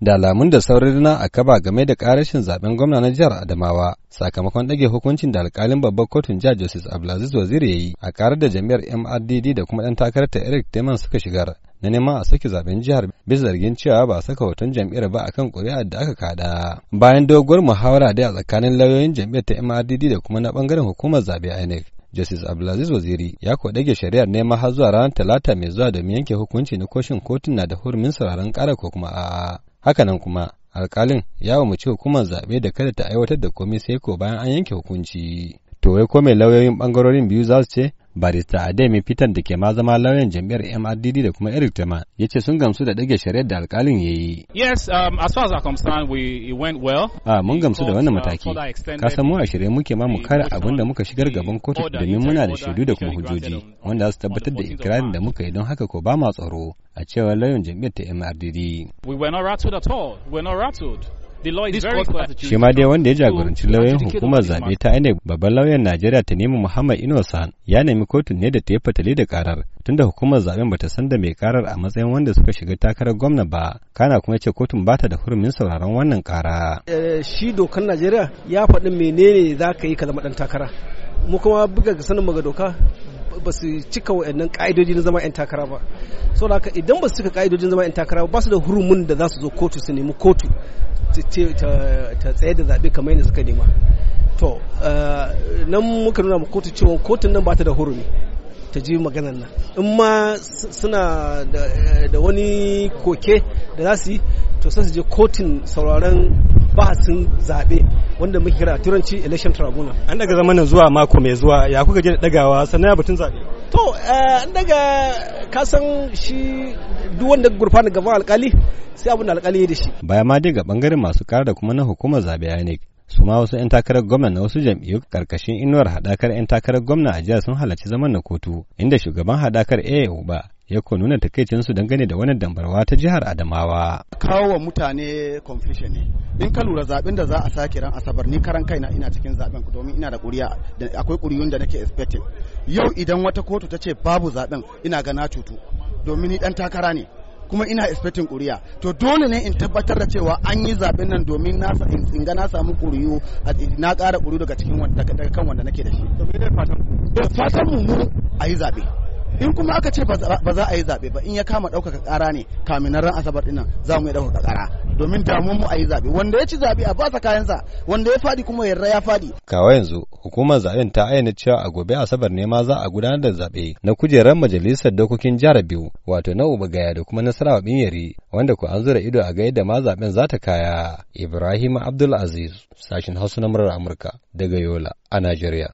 da alamun da saurin na a kaba game da karashin zaben gwamna na jihar Adamawa sakamakon ɗage hukuncin da alkalin babbar kotun jihar Joseph Abdulaziz Waziri ya yi a karar da jami'ar MRDD da kuma ɗan ta Eric Teman suka shigar na neman a sake zaben jihar bisa zargin cewa ba saka hoton jami'ar ba akan ƙuri'ar da aka kada bayan doguwar muhawara da a tsakanin lauyoyin jam'iyyar ta MRDD da kuma na bangaren hukumar zaɓe INEC Justice Abdulaziz Waziri ya ko dage shari'ar nema har zuwa ranar Talata mai zuwa domin yanke hukunci na koshin kotun na da hurumin sauraron ƙara ko kuma a'a. Hakanan kuma alkalin ya umarci hukumar zaɓe da kada ta aiwatar da komai sai ko bayan an yanke hukunci. To wai ko mai lauyoyin ɓangarorin biyu za su ce? barista ademi fitar da ke ma zama lauyan jam'iyyar mrdd da kuma eric tema ya ce sun gamsu da ɗage shari'ar da alkalin ya yi um, a ah, mun gamsu da wannan uh, mataki ka san mu a shirye muke ma mu kare abin da muka shigar gaban kotu domin muna da shaidu da kuma hujjoji wanda za su tabbatar da ikirarin da muka yi don haka ko ba ma tsaro a cewar lauyan jam'iyyar ta mrdd Shi ma dai wanda ya jagoranci lauyan hukumar zaɓe ta INEC babban lauyan Najeriya ta nemi Muhammad Inosan ya nemi kotun ne da ta yi fatali da karar tunda hukumar zaɓen bata san da mai karar a matsayin wanda suka shiga takarar gwamna ba kana kuma ce kotun bata da hurumin sauraron wannan kara. Eh, shi dokar Najeriya ya faɗi menene za ka yi ka zama ɗan takara. Mu kuma buga sanin maga doka ba su cika wa'annan ka'idoji na zama 'yan takara ba so haka idan ba su cika ka'idojin zama 'yan takara ba su da hurumin da za su zo kotu su nemi kotu ta tsaye da zaɓe kamar yadda suka nema to eh, nan muka nuna ma kotu cewa kotun nan ba ta da hurumi ta ji maganan nan in ma suna eh, da wani koke da za su yi to sai su je kotun sauraron bahasin zaɓe wanda muke kira a turanci election tribunal an daga zamanin zuwa mako mai zuwa ya kuka je dagawa sannan ya batun zabe to eh, an daga kasan shi duk wanda gurfana gaban alkali sai abin da alkali ya da shi baya ma dai ga bangaren masu kara da kuma na hukumar zabe INEC su ma wasu 'yan takarar gwamna na wasu jam'iyyu karkashin inuwar hadakar 'yan takarar gwamna a jiya sun halarci zaman na kotu inda shugaban hadakar AA ba. ya ko nuna takaicinsu dangane da wannan dambarwa ta jihar Adamawa. Kawo wa mutane confusion ne. In ka lura zaben da za a sake ran Asabar ni karan kaina ina cikin zaben ku domin ina da kuriya da akwai kuriyun da nake expecting. Yau idan wata kotu ta ce babu zaben ina ga na cutu domin ni dan takara ne. kuma ina expecting kuriya to dole ne in tabbatar da cewa an yi zaben nan domin na in ga na samu kuriyu na ƙara kuriyu daga cikin daga kan wanda nake da shi to me fatan mu a yi zabe in kuma aka ce ba za a yi zaɓe ba in ya kama ɗaukaka ƙara ne kamin ran asabar ɗin za mu yi ɗaukaka ƙara domin damun mu a yi zaɓe wanda ya ci zaɓe a basa kayansa wanda ya faɗi kuma yarda ya faɗi. kawa yanzu hukumar zaɓen ta ayyana cewa a gobe asabar ne ma za a gudanar da zaɓe na kujerar majalisar dokokin jihar biyu wato na ubagaya da kuma nasarawa yari wanda ku an zura ido a ga yadda ma zaɓen za ta kaya ibrahim abdulaziz sashin hausa na murar amurka daga yola a najeriya.